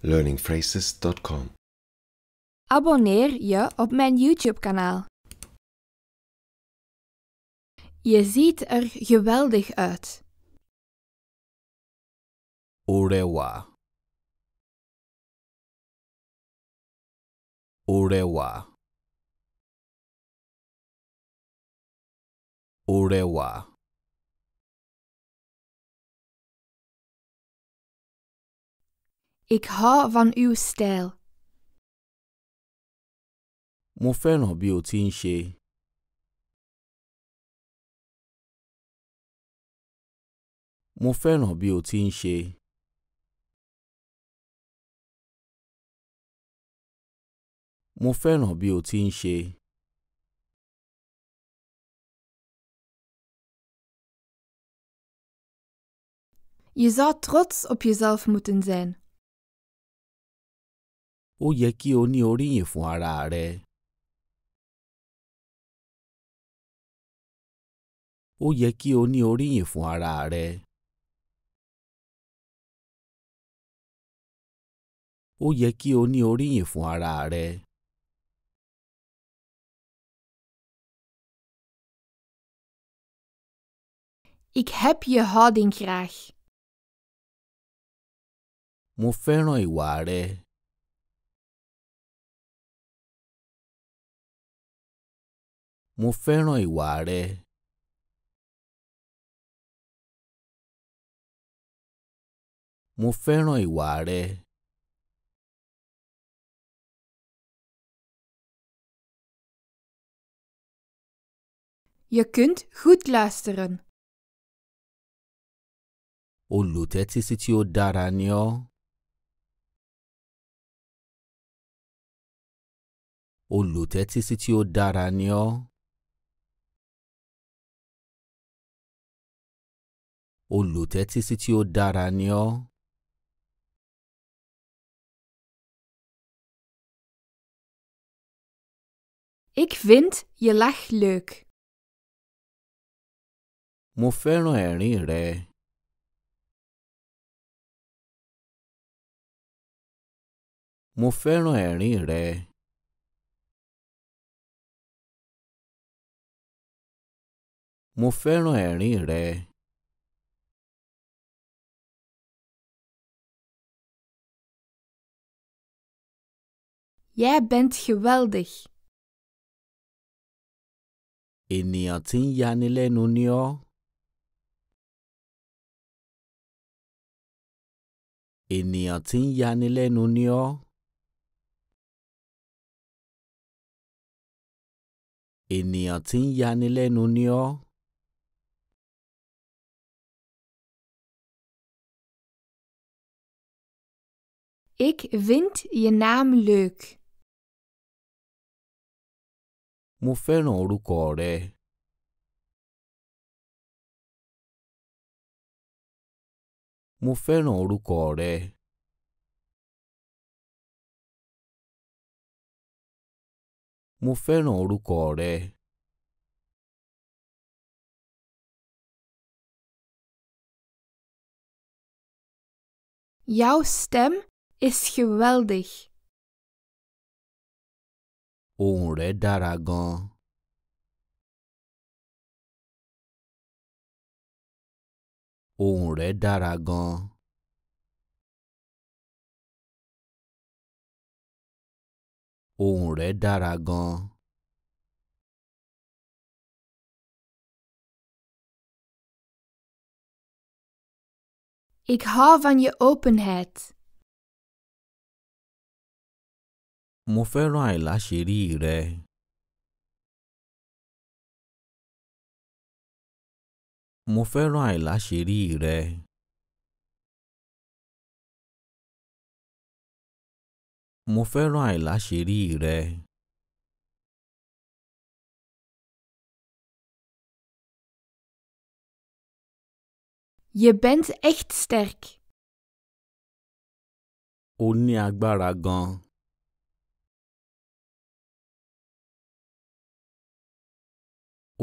learningphrases.com. Abonneer je op mijn YouTube-kanaal. Je ziet er geweldig uit. Orewa. Orewa. Orewa. Ik hou van uw stijl. Mo fẹ́ràn bí o ti ń ṣe. Mo fẹ́ràn bí o ti ń ṣe. Mo o ti Je zou trots op jezelf moeten zijn. ó yẹ kí o ní oríyìn fún ara rẹ. ó yẹ kí o ní oríyìn fún ara rẹ. ó yẹ kí o ní oríyìn fún ara rẹ. Ik heb je houding graag. Mo fẹ́ràn ìwà rẹ. Mo fẹ́ràn ìwà rẹ. Mo fẹ́ràn ìwà rẹ. Je kunt goed luisteren. Olùtẹ́tísí tí ó dára ni ọ́. Olùtẹ́tísí tí ó dára ni ọ́. olùtẹ́tísí tí ó dára ni ọ́. Ik vind je lach leuk. Mo fẹ́ràn ẹ̀rín rẹ. Mo fẹ́ràn ẹ̀rín rẹ. Mo fẹ́ràn ẹ̀rín rẹ. Jij bent geweldig. Ènìyàn tí ń yanilẹ́nu ni ọ́. Ènìyàn tí ń yanilẹ́nu ni ọ́. Ènìyàn tí ń yanilẹ́nu ni ọ́. Ik vind je naam leuk. Mo fẹ́ràn orúkọ rẹ. Mo fẹ́ràn orúkọ rẹ. Mo fẹ́ràn orúkọ rẹ. Jouw stem is geweldig ohùn rẹ̀ dára gan-an. ohùn rẹ̀ dára gan ohùn rẹ̀ dára gan Ik hou van je openheid. Mo fẹ́ràn àìláṣẹ́rí rẹ. Mo fẹ́ràn àìláṣẹ́rí rẹ. Mo fẹ́ràn àìláṣẹ́rí rẹ. Je bent echt sterk. O ní agbára gan-an.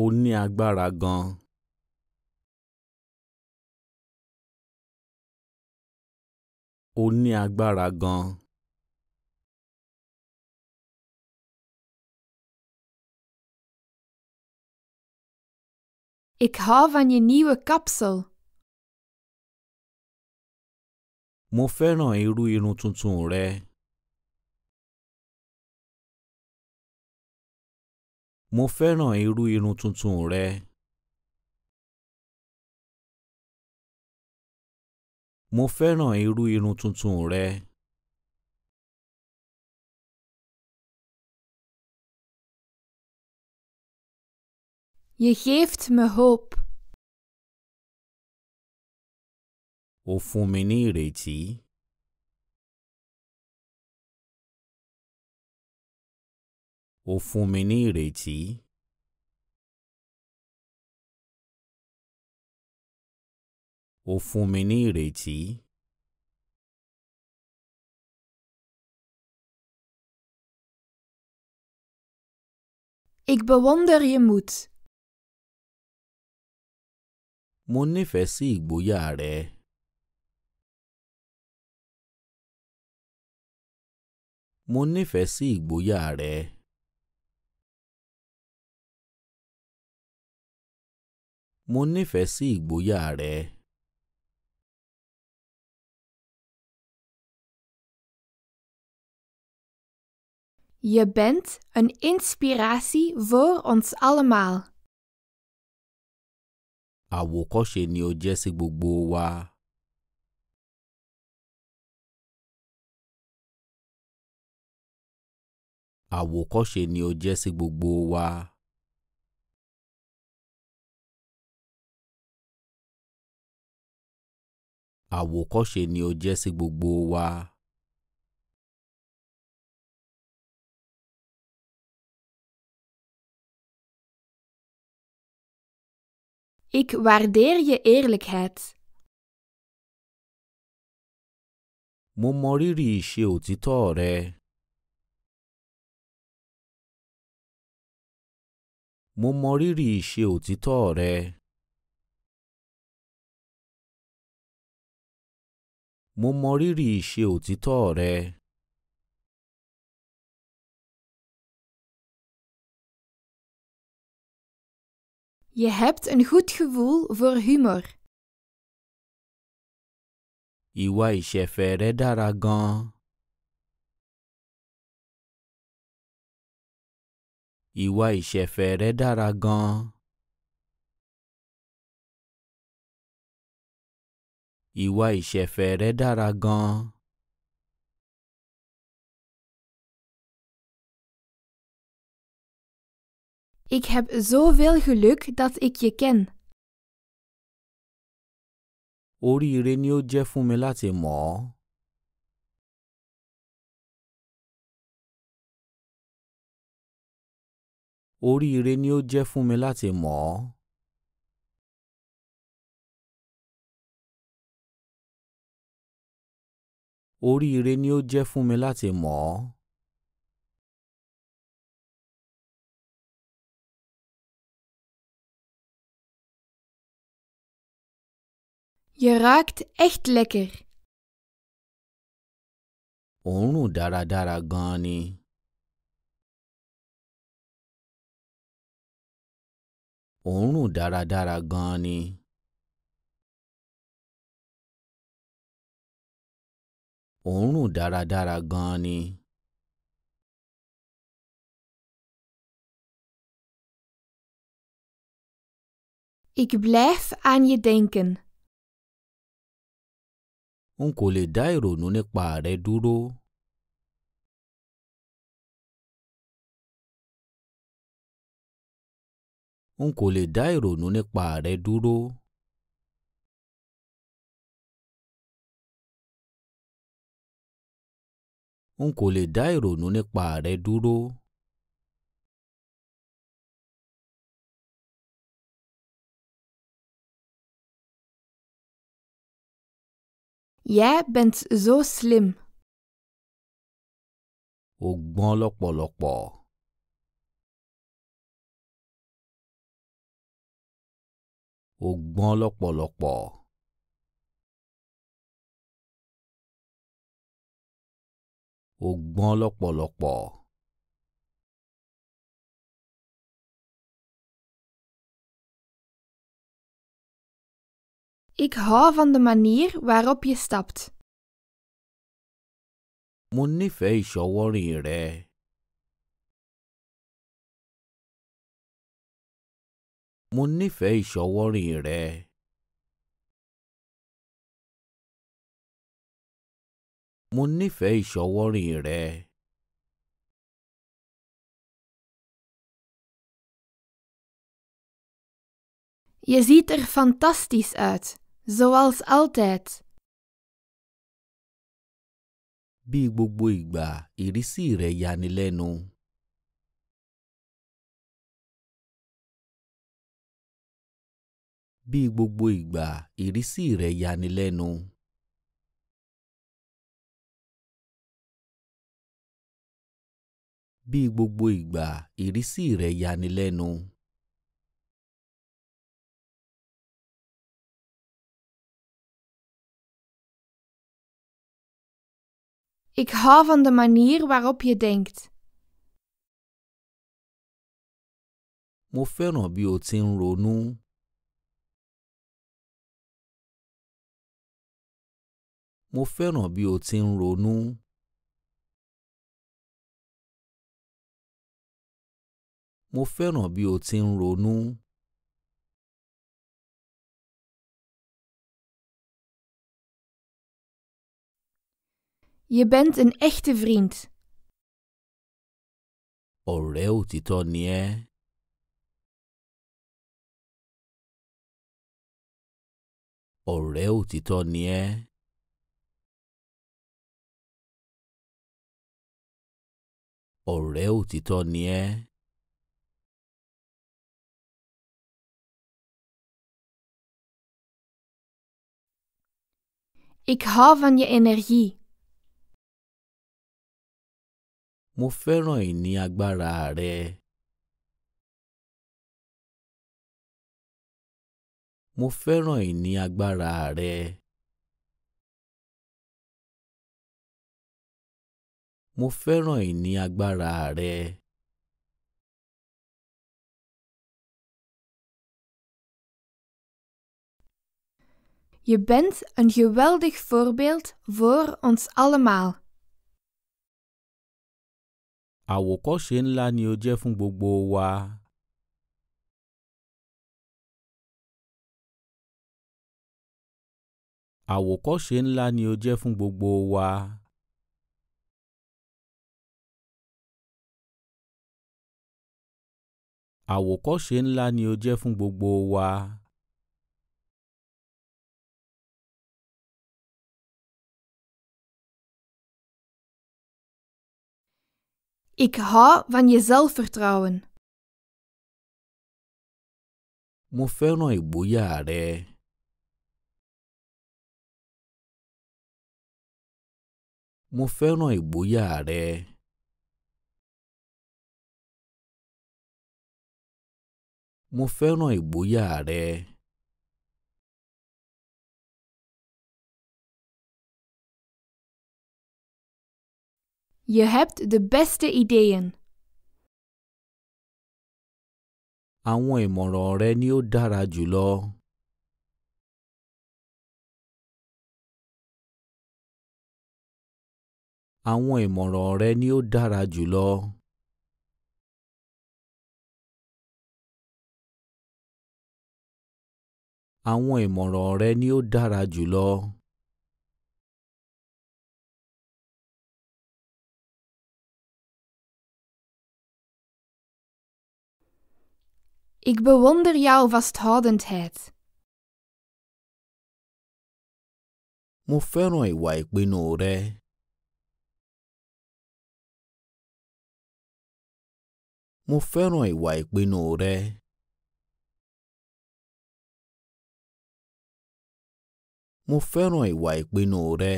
ó ní agbára gan-an. ó ní agbára gan Ik hou van je nieuwe kapsel. Mo fẹ́ràn irú irun tuntun rẹ. Mo fẹ́ràn irú irun tuntun rẹ. Mo fẹ́ràn irú irun tuntun rẹ. Je geeft me hoop. Ó fún mi ní ìrètí. ó fún mi ní ìrètí. ó fún mi ní ìrètí. Ik bewonder je moed. Mo nífẹ̀ẹ́ sí ìgboyà rẹ. Mo nífẹ̀ẹ́ sí ìgboyà rẹ. Mo nífẹ̀ẹ́ sí ìgboyà rẹ. Je bent een inspiratie voor ons allemaal. Àwòkọ́ṣe ni o jẹ́ sí gbogbo wa. ni o gbogbo wa. àwòkọ́ṣe ni o jẹ́ sí gbogbo wa. Ik waardeer je eerlijkheid. Mo mọ rírì ìṣe òtítọ́ rẹ. Mo mọ rírì ìṣe òtítọ́ rẹ. Mo mọrírì ìṣe òtítọ́ rẹ. Je hebt een goed gevoel voor humor. Iwa ìṣẹ̀fẹ̀ rẹ dára gan Iwa Ìwà ìṣẹ̀fẹ̀ rẹ dára gan Ìwà ìṣẹ̀fẹ̀ rẹ̀ dára gan-an. Ik heb zoveel geluk dat ik je ken. Oríire ni ó jẹ́ fún mi láti mọ̀ ọ́. ni ó jẹ́ fún mi láti mọ̀ oríire ni ó jẹ́ fún mi láti mọ̀ ọ́. Je raakt echt lekker. Òórùn dáradára gan gani. ni. Òórùn dáradára gani. òórùn dáradára gan ni Ik blijf aan je denken. N kò lè dá ìrònú nípa rẹ dúró. N kò lè dá ìrònú nípa rẹ dúró. n kò lè dá ìrònú nípa rẹ̀ dúró. Jij bent zo slim. O gbọ́n lọ́pọ̀lọpọ̀. O gbọ́n lọ́pọ̀lọpọ̀. ó gbọ́n lọ́pọ̀lọpọ̀. Ik hou van de manier waarop je stapt. Mo nífẹ̀ẹ́ ìṣọwọ́rìn rẹ. Mo nífẹ̀ẹ́ ìṣọwọ́rìn rẹ. Mo nífẹ̀ẹ́ ìṣọwọ́rìn rẹ. Je ziet er fantastisch uit, zoals altijd. Bí gbogbo ìgbà ìrísí rẹ yanilẹ́nu. irisire gbogbo ìgbà ìrísí Bí gbogbo ìgbà ìrísí rẹ̀ yanilẹ́nu. Ik hou van de manier waarop je denkt. Mo fẹ́ràn bí o ti ń ronú. Mo fẹ́ràn bí o ti ń ronú. mo fẹ́ràn bí o ti ń ronú. Je bent een echte vriend. Ọ̀rẹ́ òtítọ́ ni ẹ́. Ọ̀rẹ́ òtítọ́ ni ẹ́. Ọ̀rẹ́ òtítọ́ ni ẹ́. Ik hou van je energie. Mo fẹ́ràn ìní agbára rẹ. Mo fẹ́ràn ìní agbára rẹ. Mo fẹ́ràn ìní agbára rẹ. Je bent een geweldig voorbeeld voor ons allemaal. Awokose nla ni o jẹ́ fún gbogbo wa. Awokose nla ni o jẹ́ fún gbogbo wa. Àwòkọ́ṣe ńlá ni o jẹ́ fún gbogbo wa. Ik hou van je zelfvertrouwen. Mo fẹ́ràn ìgboyà rẹ. Mo fẹ́ràn ìgboyà rẹ. Mo fẹ́ràn ìgboyà rẹ. Je hebt de beste ideeën. Àwọn ìmọ̀ràn rẹ ni ó dára jùlọ. Àwọn ìmọ̀ràn rẹ ni ó dára jùlọ. Àwọn ìmọ̀ràn rẹ ni ó dára jùlọ. Ik bewonder jouw vasthoudendheid. Mo fẹ́ràn ìwà ìpinnu rẹ. Mo fẹ́ràn ìwà ìpinnu rẹ. Mo fẹ́ràn ìwà ìpinnu rẹ.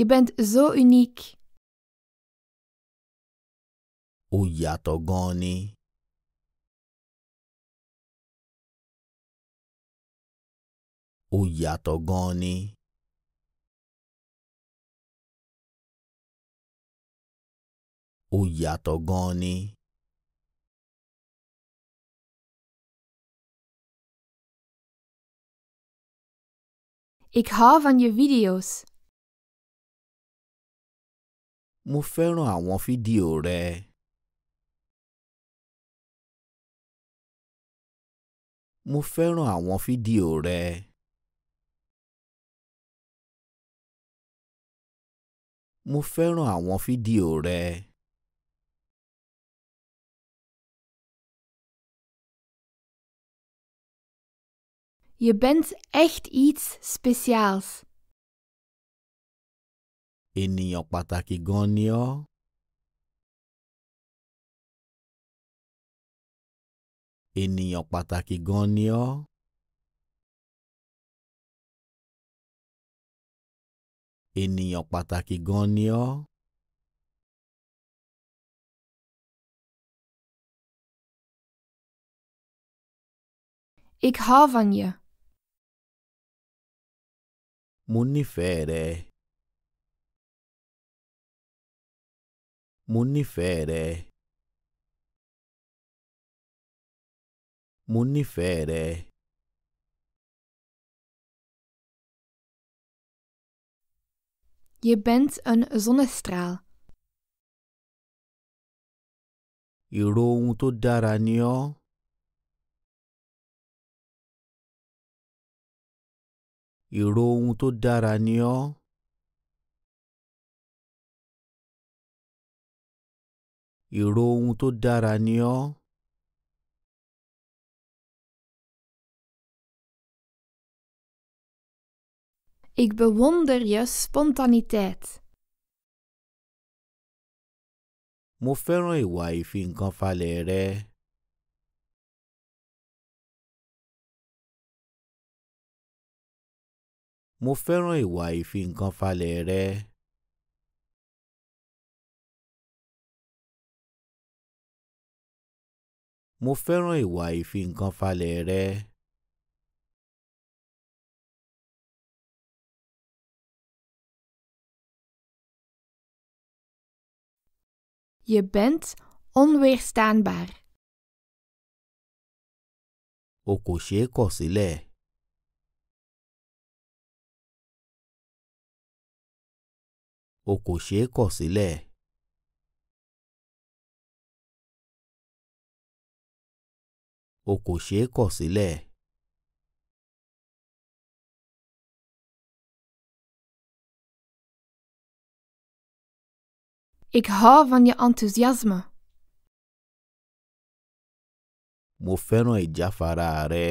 Je bent zo uniek. Ó yàtọ̀ gan ni. Ó yàtọ̀ ni. ni. Ik hou van je video's mo fẹ́ràn àwọn fídíò rẹ. mo fẹ́ràn àwọn fídíò rẹ. mo fẹ́ràn àwọn fídíò rẹ. Je bent echt iets speciaals. ènìyàn pàtàkì gan ni ọ́. ènìyàn pàtàkì gan ni ọ́. ènìyàn pàtàkì gan ni ọ́. Ik hou van je. Mo nífẹ̀ẹ́ rẹ. Mo nífẹ̀ẹ́ rẹ. Mo nífẹ̀ẹ́ rẹ. Je bent een zonnestraal. Ìró ohun tó dára ni ọ́. Ìró ohun tó dára ni ọ́. Èrò ohun tó dára ni ọ́. Ik bewonder je spontaniteit. Mo fẹ́ràn ìwà ìfi-nǹkan-falẹ̀ rẹ. Mo fẹ́ràn ìwà ìfi-nǹkan-falẹ̀ rẹ. Mo fẹ́ràn ìwà ìfi-nǹkan-falẹ̀ rẹ. Je bent onweerstaanbaar. O kò ṣeé kọ̀ o kò ṣeé kọ̀ sílẹ̀. Ik hou van je enthousiasme. Mo fẹ́ràn ìjáfara rẹ.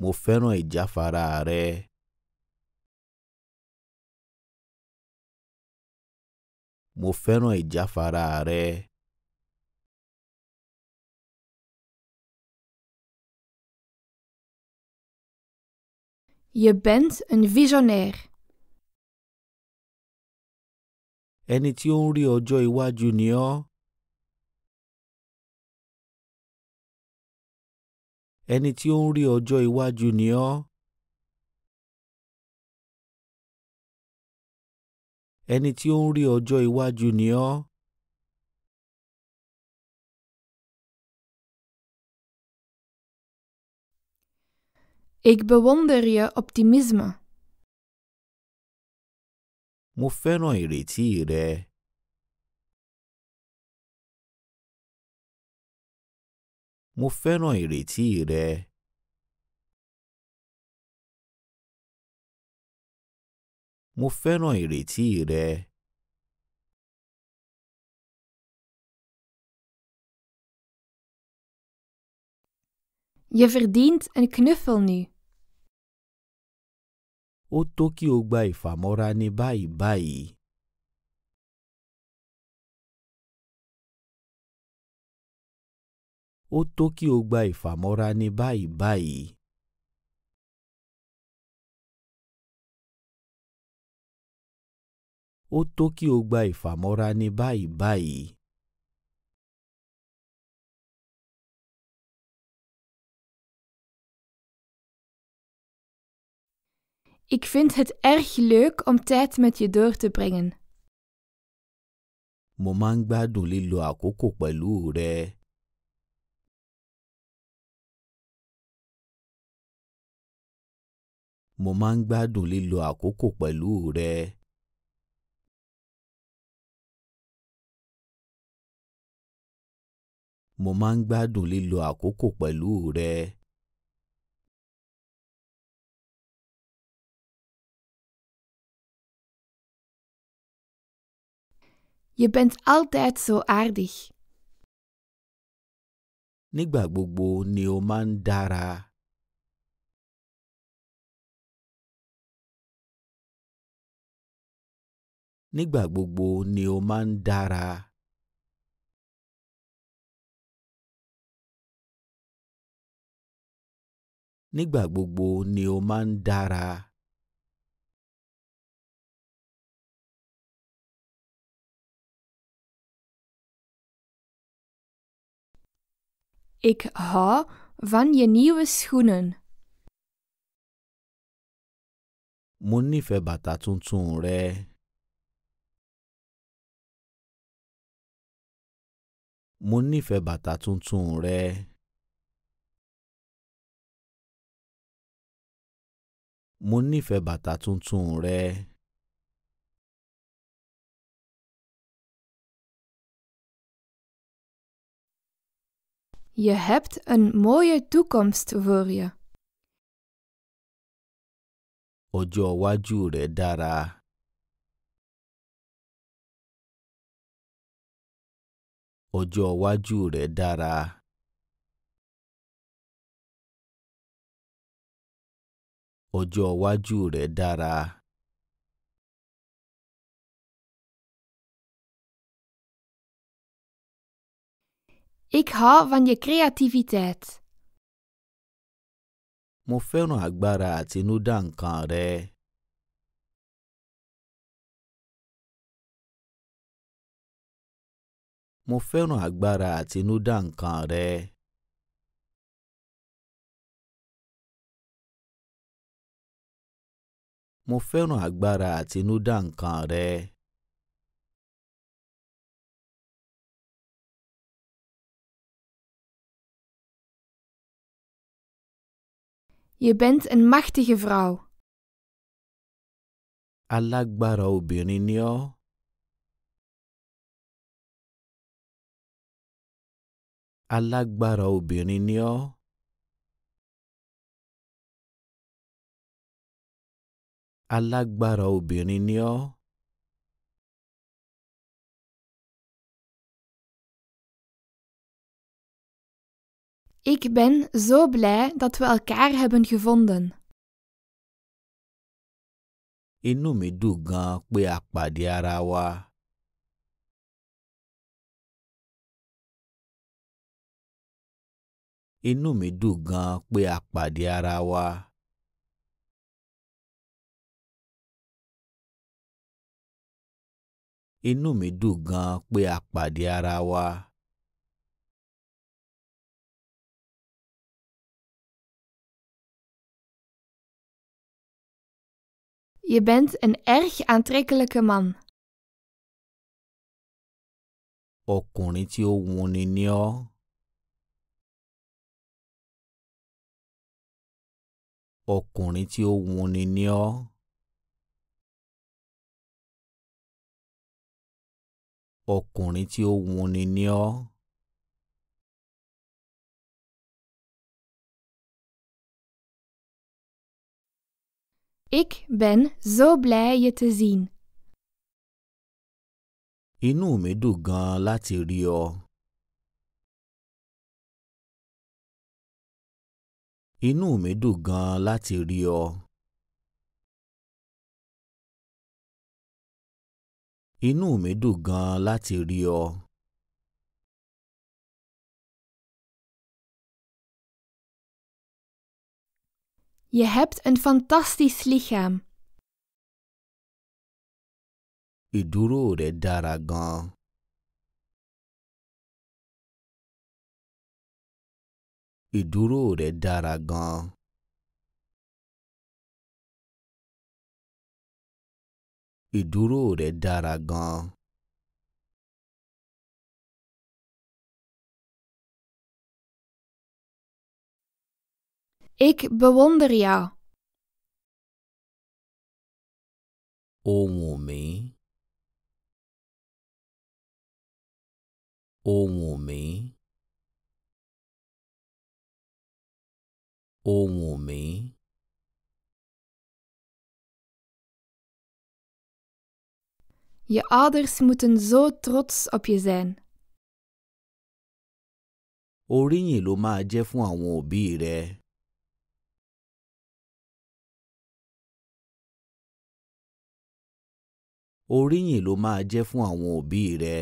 Mo fẹ́ràn ìjáfara rẹ. Mo fẹ́ràn ìjáfara rẹ. Je bent een visionair. Ẹni tí ó ń rí ọjọ́ iwájú ni ọ́. Ẹni tí ó ń rí ọjọ́ iwájú ni ọ́. ẹni tí ó ń rí ọjọ́ iwájú ni ọ́. Ik bewonder je optimisme. Mo fẹ́ràn ìrètí rẹ. Mo fẹ́ràn ìrètí rẹ. mo fẹ́ràn ìrètí rẹ. Je verdient een knuffel nu. Ó tó kí o gba ìfàmọ́ra ní báyìí báyìí. Ó tó kí o gba ìfàmọ́ra ní báyìí báyìí. ó tó kí o gba ìfàmọ́ra ní Ik vind het erg leuk om tijd met je door te brengen. Momangba máa akoko pelu re. àkókò pẹ̀lú akoko pelu re. mo máa ń gbádùn lílo àkókò pẹ̀lú rẹ. Je bent altijd zo aardig. Nígbà gbogbo ni o máa ń dára. Nígbà gbogbo ni o máa ń dára. nígbà gbogbo ni o máa ń dára. Ik hou van je nieuwe schoenen. Mo nífẹ̀ẹ́ bàtà tuntun rẹ. Mo nífẹ̀ẹ́ bàtà tuntun rẹ. Mo nífẹ̀ẹ́ bàtà tuntun rẹ. Je hebt een mooie toekomst voor je. Ojo iwájú rẹ dára. Ọjọ́ iwájú rẹ dára. ọjọ́ iwájú rẹ̀ dára. Ik hou van je creativiteit. Mo fẹ́ràn agbára àtinúdá nǹkan rẹ. Mo fẹ́ràn agbára àtinúdá nǹkan rẹ. Mo fẹ́ràn agbára àtinúdá nǹkan rẹ. Je bent een machtige vrouw. Alagbara obìnrin ni o. Alagbara ni o. Alágbára obìnrin ni Ik ben zo blij dat we elkaar hebben gevonden. Inú mi dùn gan pé a pàdé ara mi dùn gan pé a pàdé inú mi dùn gan-an pé a pàdé ara wa Je bent een erg aantrekkelijke man. Ọkùnrin tí ó wuni ni ọ́. Ọkùnrin tí ó wuni ni ọ́. ọkùnrin tí ó wuni ni ọ́. Ik ben zo blij je te zien. Inú mi dùn gan-an láti rí ọ. Inú mi dùn gan-an láti rí ọ. inú mi dùn gan-an láti rí ọ. Je hebt een fantastisch lichaam. Iduro rẹ dara gan Iduro Ìdúró dara gan Ìdúró rẹ̀ dára gan Ik bewonder jou. Ó wù mí. Ó wù mí. Ó wù Je ouders moeten zo trots op je zijn. Oríyìn ló máa jẹ́ fún àwọn òbí rẹ. Oríyìn ló máa jẹ́ fún àwọn òbí rẹ.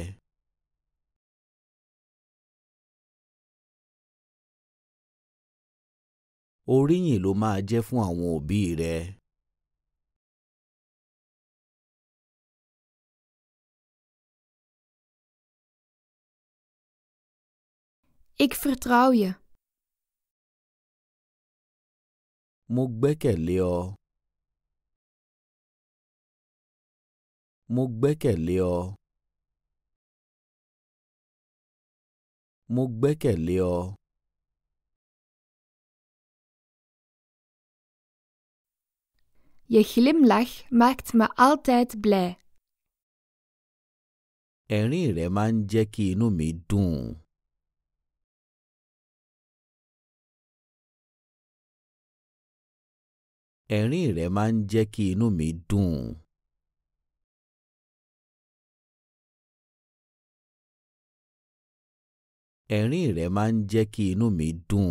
Oríyìn ló máa jẹ́ fún àwọn òbí rẹ. Ik vertrouw je. Mo gbẹ́kẹ̀lé ọ. Mo gbẹ́kẹ̀lé ọ. Je glimlach maakt me altijd blij. Eni rẹ̀ máa ń jẹ́ mi dùn. ẹ̀rín rẹ̀ máa ń jẹ́ kí inú mi dùn. ẹ̀rín rẹ̀ máa ń jẹ́ kí inú mi dùn.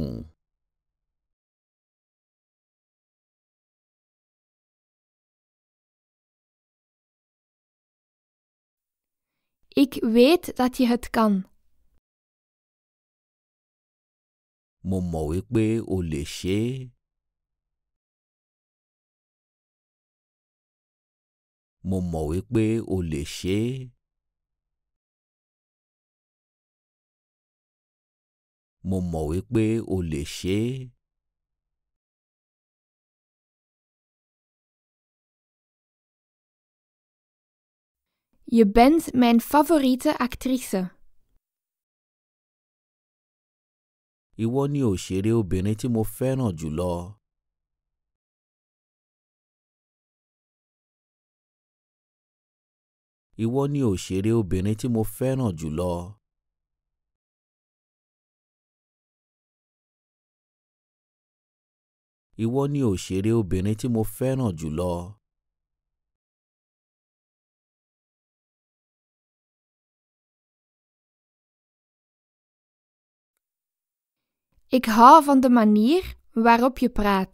Ik weet dat je het kan. Mo mọ̀ wípé o lè ṣe é. Mo mọ̀ wípé o lè ṣe é. Mo mọ̀ wípé o lè ṣe é. Je bent mijn favoriete actrice. Ìwọ ni òṣèré obìnrin tí mo fẹ́ràn jùlọ. Ìwọ ni òṣèré obìnrin tí mo fẹ́ràn jùlọ. Ìwọ ni òṣèré obìnrin tí mo fẹ́ràn jùlọ. Ik hou van de manier waarop je praat.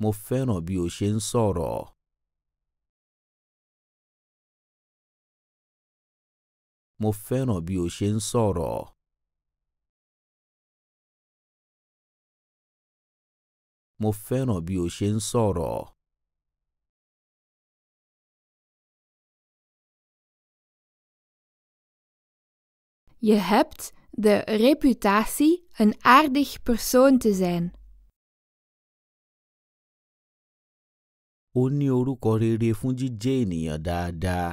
Mo fẹ́ràn bí o ṣe ń sọ̀rọ̀. mo fẹ́ràn bí o ṣe ń sọ̀rọ̀. mo fẹ́ràn bí o ṣe ń sọ̀rọ̀. Je hebt de reputatie een aardig persoon te zijn. Ó ní orúkọ rere fún jíjẹ́ ènìyàn dáadáa.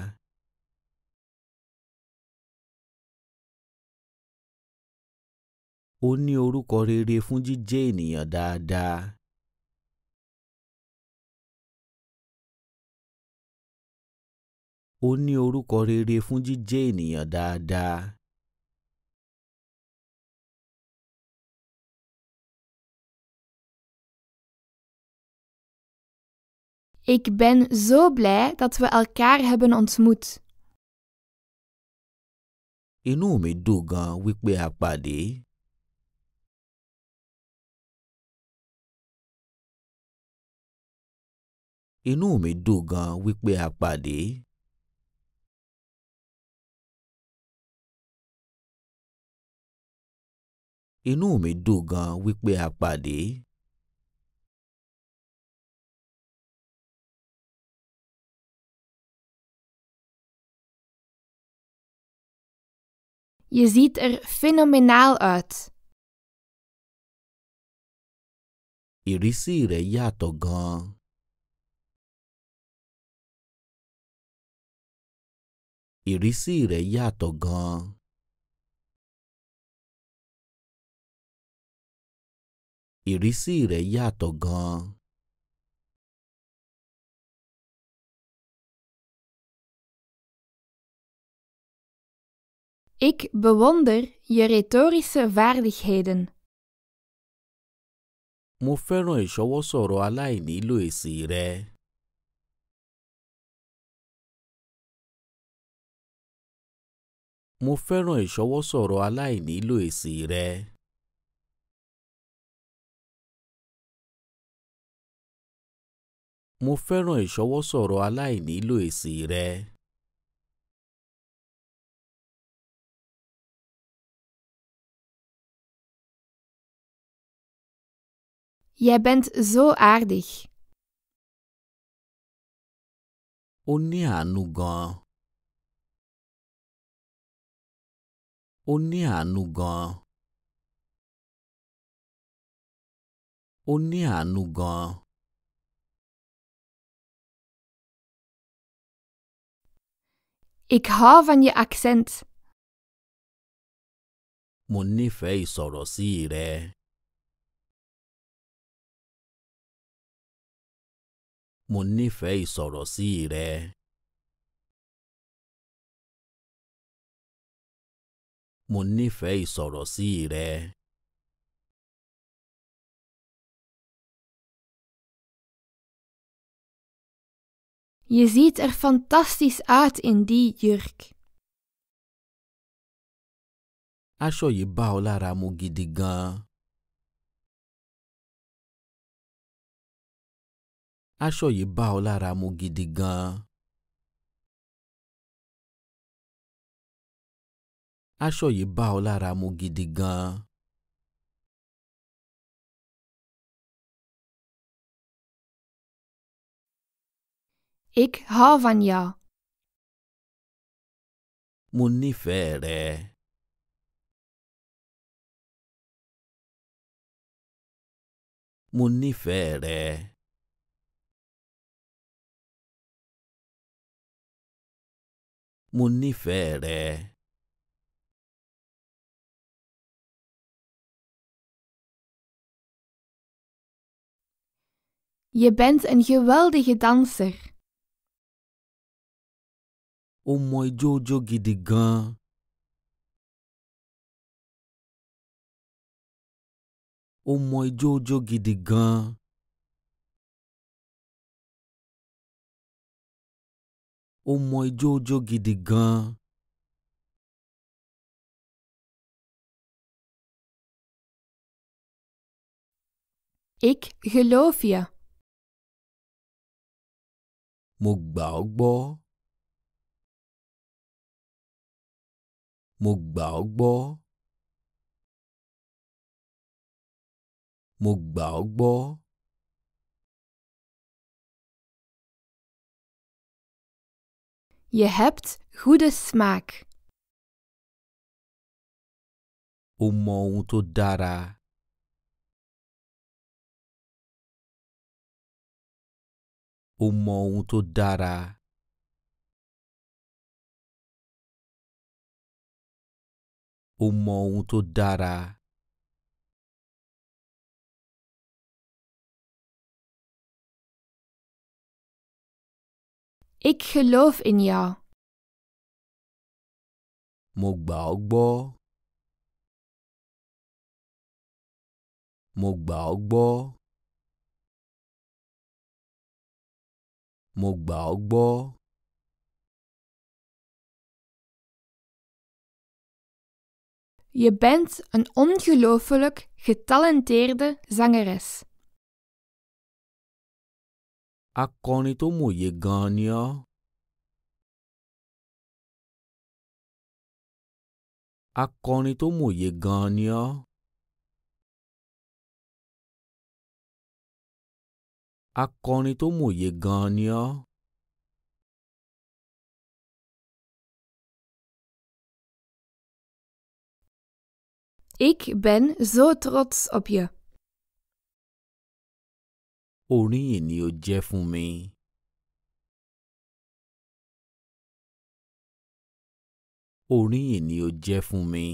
Ó ní orúkọ rere fún jíjẹ́ ènìyàn dáadáa. Ó ní orúkọ rere fún jíjẹ́ ènìyàn dáadáa. Ik ben zo blij dat we elkaar hebben ontmoet. Inú mi dùn gan wípé a pàdé. inú mi dùn gan wípé a pàdé. inú mi dùn gan wípé a pàdé. Je ziet er fenomenaal uit. Ìrísí rẹ̀ yàtọ̀ gan-an. ìrísí rẹ̀ yàtọ̀ gan-an. ìrísí rẹ̀ yàtọ̀ gan-an. Ik bewonder je retorische vaardigheden. Mo fẹ́ràn ìṣọwọ́sọ̀rọ̀ aláìnílò èsì rẹ. Mo fẹ́ràn ìṣọwọ́sọ̀rọ̀ aláìnílò èsì rẹ. Mo fẹ́ràn ìṣọwọ́sọ̀rọ̀ aláìnílò èsì rẹ. Jij bent zo aardig. Ó ní àánú gan ó ní àánú gan-an. ó ní àánú gan-an. Ik hou van je accent. Mo nífẹ̀ẹ́ ìsọ̀rọ̀ sí rẹ. Mo nífẹ̀ẹ́ ìsọ̀rọ̀ sí rẹ. mo nífẹ̀ẹ́ ìsọ̀rọ̀ sí rẹ. Je ziet er fantastisch uit in die jurk. Aṣọ yìí bá ọ lára mu gidi gan-an. Aṣọ yìí bá ọ lára mu gidi gan aṣọ yìí bá ọ lára mu gidi gan Ik hou van jou. Mo nífẹ̀ẹ́ rẹ. Mo nífẹ̀ẹ́ rẹ. Mo nífẹ̀ẹ́ rẹ. Je bent een geweldige danser. Oh, mọ Jojo jó Oh, gan. Jojo mọ Oh, jó Jojo gan. Ik geloof je mo gbà ọ́ gbọ́. mo gbà ọ́ mo gbà ọ́ Je hebt goede smaak. O mọ ohun ó mọ ohun tó dára. ó mọ ohun tó dára. Ik geloof in jou. Mo gbà ọ́ gbọ́. Mo gbà ọ́ gbọ́. mo gbà ọ́ Je bent een ongelooflijk getalenteerde zangeres. Akọrin tó mòye gan ni o. Akọrin tó gan ni o. Akọrin tó mòye gan-an ni ọ́. Ik ben zo trots op je. Oríyìn ni o jẹ́ fún mi. Oríyìn ni o jẹ́ fún mi.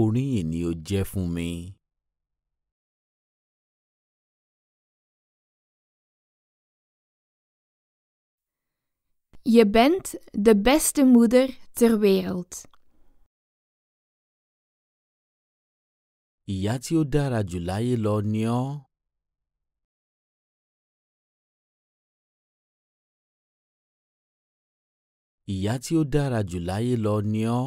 oríyìn ni o jẹ́ fún mi. Je bent de beste moeder ter wereld. Ìyá tí ó dára jù láyé lọ ni ọ́. Ìyá tí ó dára jù láyé lọ ni ọ́.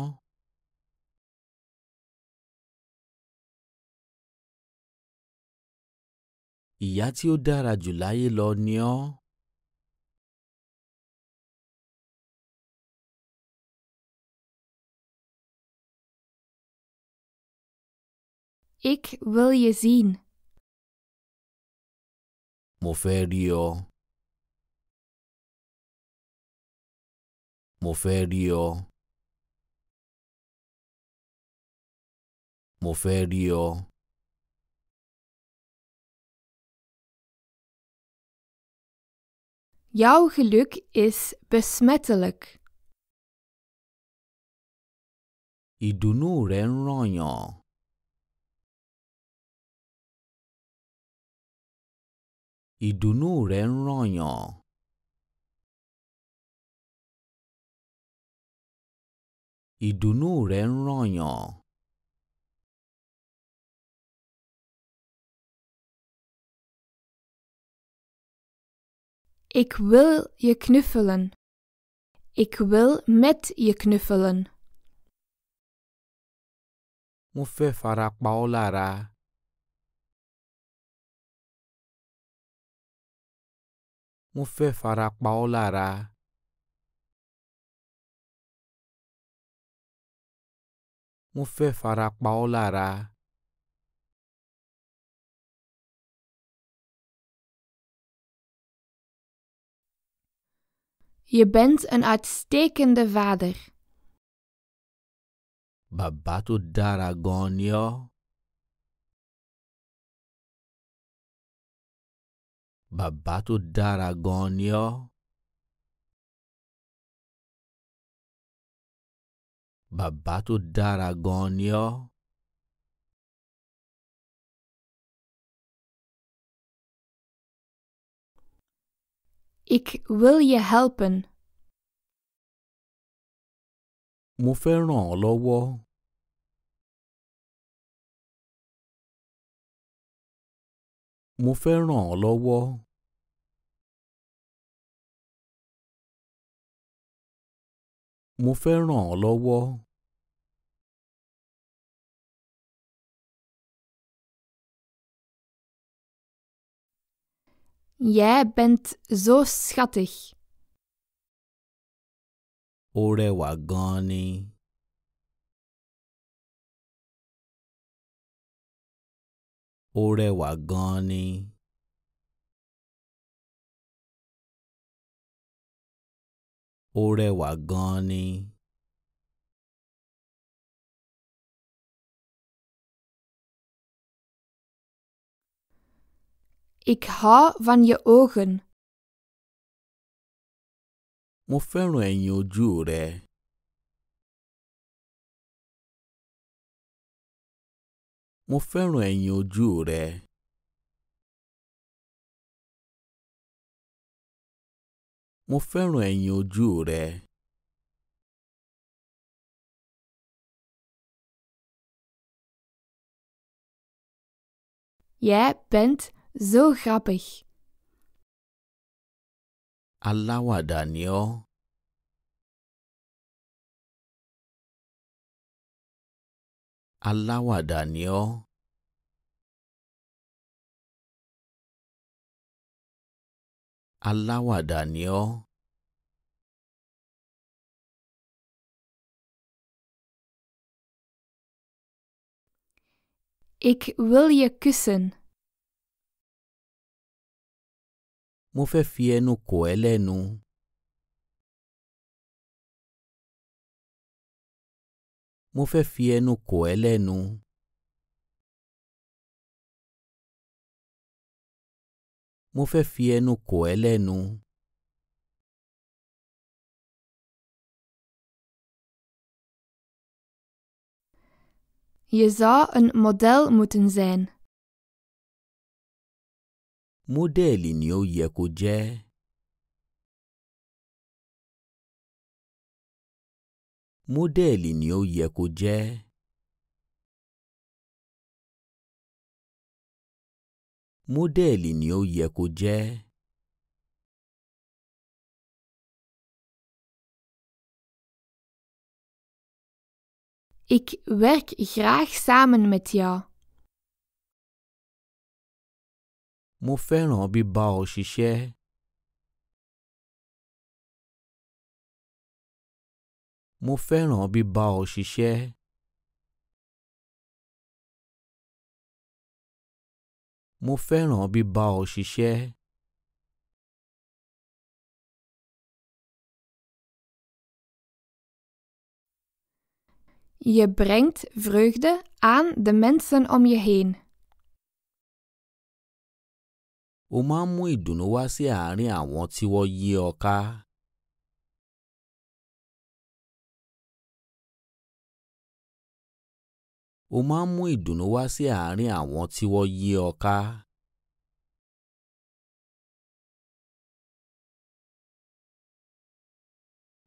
ìyá tí ó dára jù láyé lọ ni ọ́. Ik wil je zien. Mo fẹ́ rí ọ. Mo fẹ́ rí ọ. Mo fẹ́ rí ọ. Jouw geluk is besmettelijk. Idunu rẹ̀ ń Idunu Ìdùnnú rẹ̀ Idunu rànyàn. Ìdùnnú Ik wil je knuffelen. Ik wil met je knuffelen. Mo fẹ́ fara pa ọ́ lára. Mo fẹ́ Je bent een uitstekende vader. Babatu daragonio. Babatu daragonio. Babatu daragonio. Ik wil je helpen. Mo fẹ́ ràn ọ́ lọ́wọ́. Mo fẹ́ ràn ọ́ lọ́wọ́. Mo fẹ́ ràn ọ́ lọ́wọ́. Jij bent zo schattig. Ó rẹwà gan ni. Ó Ik hou van je ogen. Mo fẹ́ràn ẹ̀yìn ojú rẹ. Mo fẹ́ràn ẹ̀yìn ojú rẹ. Mo fẹ́ràn ẹ̀yìn ojú rẹ. Jij bent zo grappig. Aláwàdà ni ọ́. Aláwàdà ni ọ́. Ik wil je kussen. mo fẹ́ fi ẹnu kò ẹ́ lẹ́nu. mo fẹ́ fi mo fẹ́ fi Je zou een model moeten zijn mọ́dẹ́ẹ̀lì ni ó yẹ kó jẹ́. ni ó yẹ kó jẹ́. ni ó yẹ kó Ik werk graag samen met jou. Mo fẹ́ràn bíbá ọ ṣiṣẹ́. Mo fẹ́ràn bíbá ọ ṣiṣẹ́. Mo fẹ́ràn bíbá ọ ṣiṣẹ́. Je brengt vreugde aan de mensen om je heen. o máa ń mú ìdùnnú wá sí àárín àwọn tí wọ́n yí ọ ká. o máa ń mú ìdùnnú wá sí àárín àwọn tí wọ́n yí ọ ká.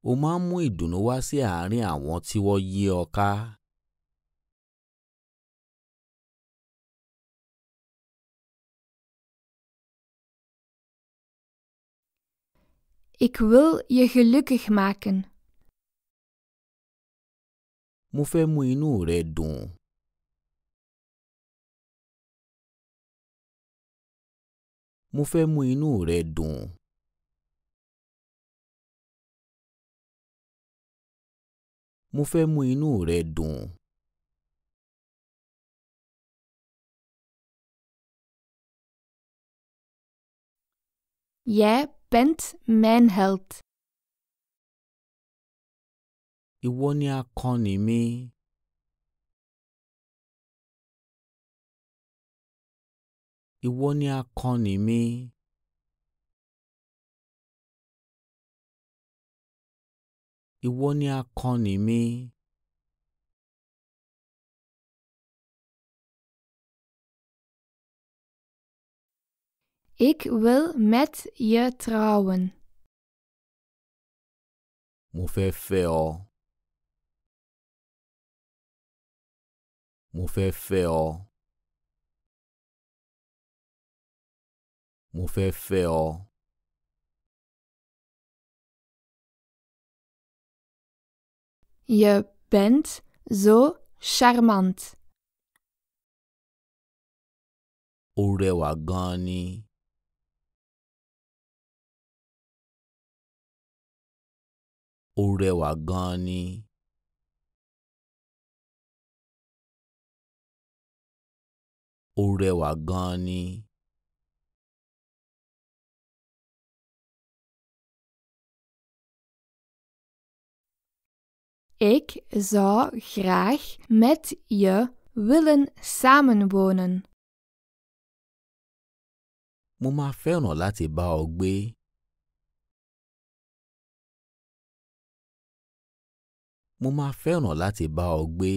o máa ń mú ìdùnnú wá sí àárín àwọn tí wọ́n yí ọ ká. Ik wil je gelukkig maken. Mo fẹ́ mú inú rẹ dùn. Mo fẹ́ mú inú rẹ dùn. Mo fẹ́ mú inú rẹ dùn. Jij bent mijn held. Ìwọ ni akọni mi. Ìwọ ni akọni mi. Ìwọ ni akọni mi. Ik wil met je trouwen. Mufefeo. Mufefeo. Mufefeo. Je bent zo charmant. Orewa gan ni. ó rẹwà gan-an ni. ó rẹwà gan-an ni. Ik zou graag met je willen samenwonen. Mo máa fẹ́ràn láti bá ọ gbé. mo máa fẹ́ràn láti bá ọ gbé.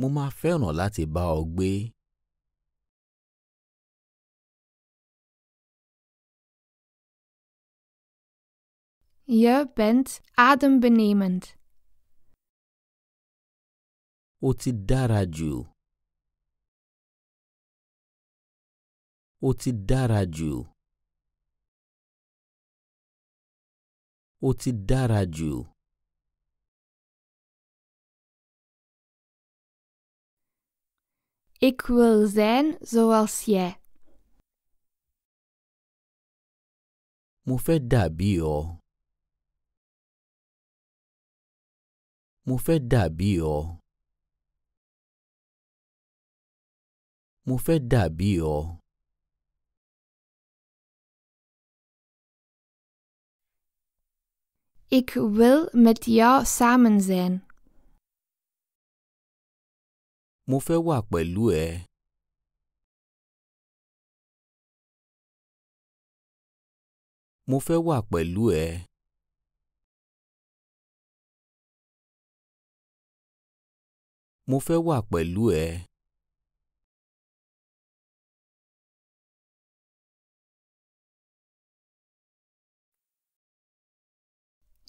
mo máa fẹ́ràn láti bá ọ gbé. Je bent adembenemend. O ti dára jù. O ti dára jù. ó ti dára jù. Ik wil zijn zoals jij. Mo fẹ́ dàbí ọ. Mo fẹ́ dàbí ọ. Mo fẹ́ dàbí ọ. Ik wil met jou samen zijn. Mo fẹ́ wà pẹ̀lú ẹ. Mo fẹ́ wà pẹ̀lú ẹ. Mo fẹ́ wà pẹ̀lú ẹ.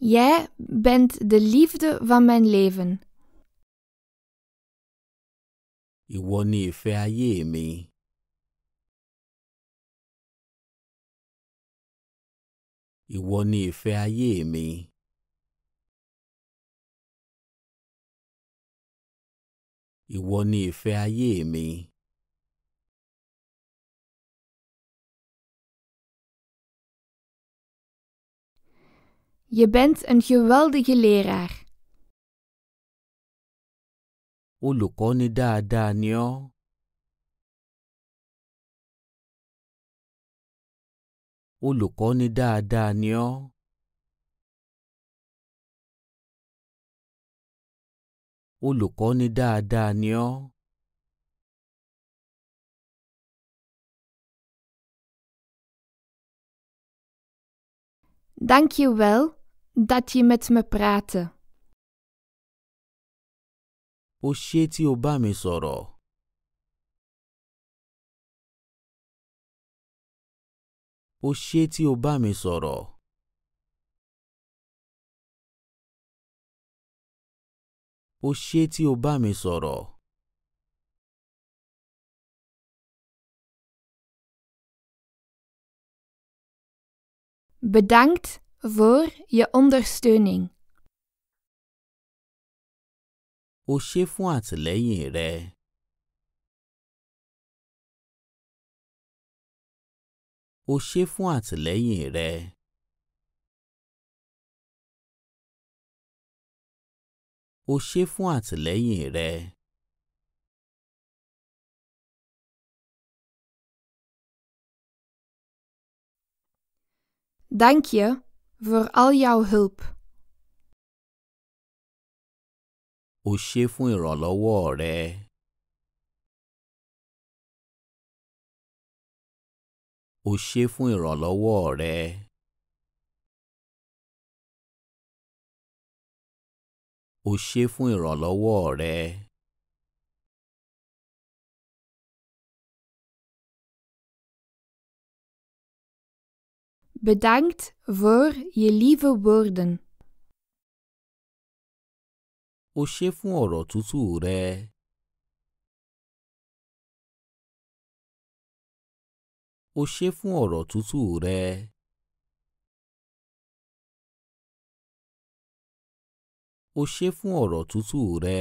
Jij bent de liefde van mijn leven. Iwoni ni ìfẹ́ ayé mi. Ìwọ ni ìfẹ́ mi. Ìwọ ni ìfẹ́ mi. Je bent een geweldige leraar. Olukoni dáadáa ni ọ́. Olùkọ́ni dáadáa ni ọ́. Olùkọ́ni dáadáa ni ọ́. Dankjewel dat je met me praatte. Ó ṣé tí o bá mi sọ̀rọ̀. Ó ṣé tí o bá mi sọ̀rọ̀. Ó ṣé tí o bá mi sọ̀rọ̀. Bedankt voor je ondersteuning. O ṣé fún àtìlẹ́yìn rẹ. O ṣé fún àtìlẹ́yìn rẹ. O ṣé fún àtìlẹ́yìn rẹ. Dank je voor al jouw hulp. O ṣé fún ìrànlọ́wọ́ rẹ. O ṣé fún ìrànlọ́wọ́ rẹ. O ṣé fún ìrànlọ́wọ́ rẹ. Bedankt voor je lieve woorden. O ṣé fún ọ̀rọ̀ tútù rẹ. O ṣé fún ọ̀rọ̀ tútù rẹ. O ṣé fún ọ̀rọ̀ tútù rẹ.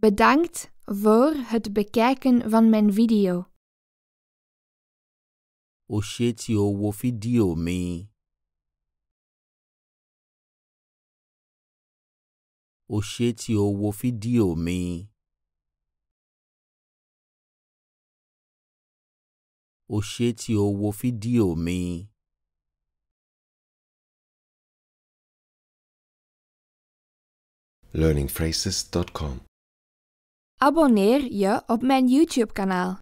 Bedankt voor het bekijken van mijn video. O ṣé tí mi. O ṣé tí o wo fídíò mi. O ṣé tí o wo fídíò mi. learningphrases.com Abonneer je op mijn YouTube-kanaal.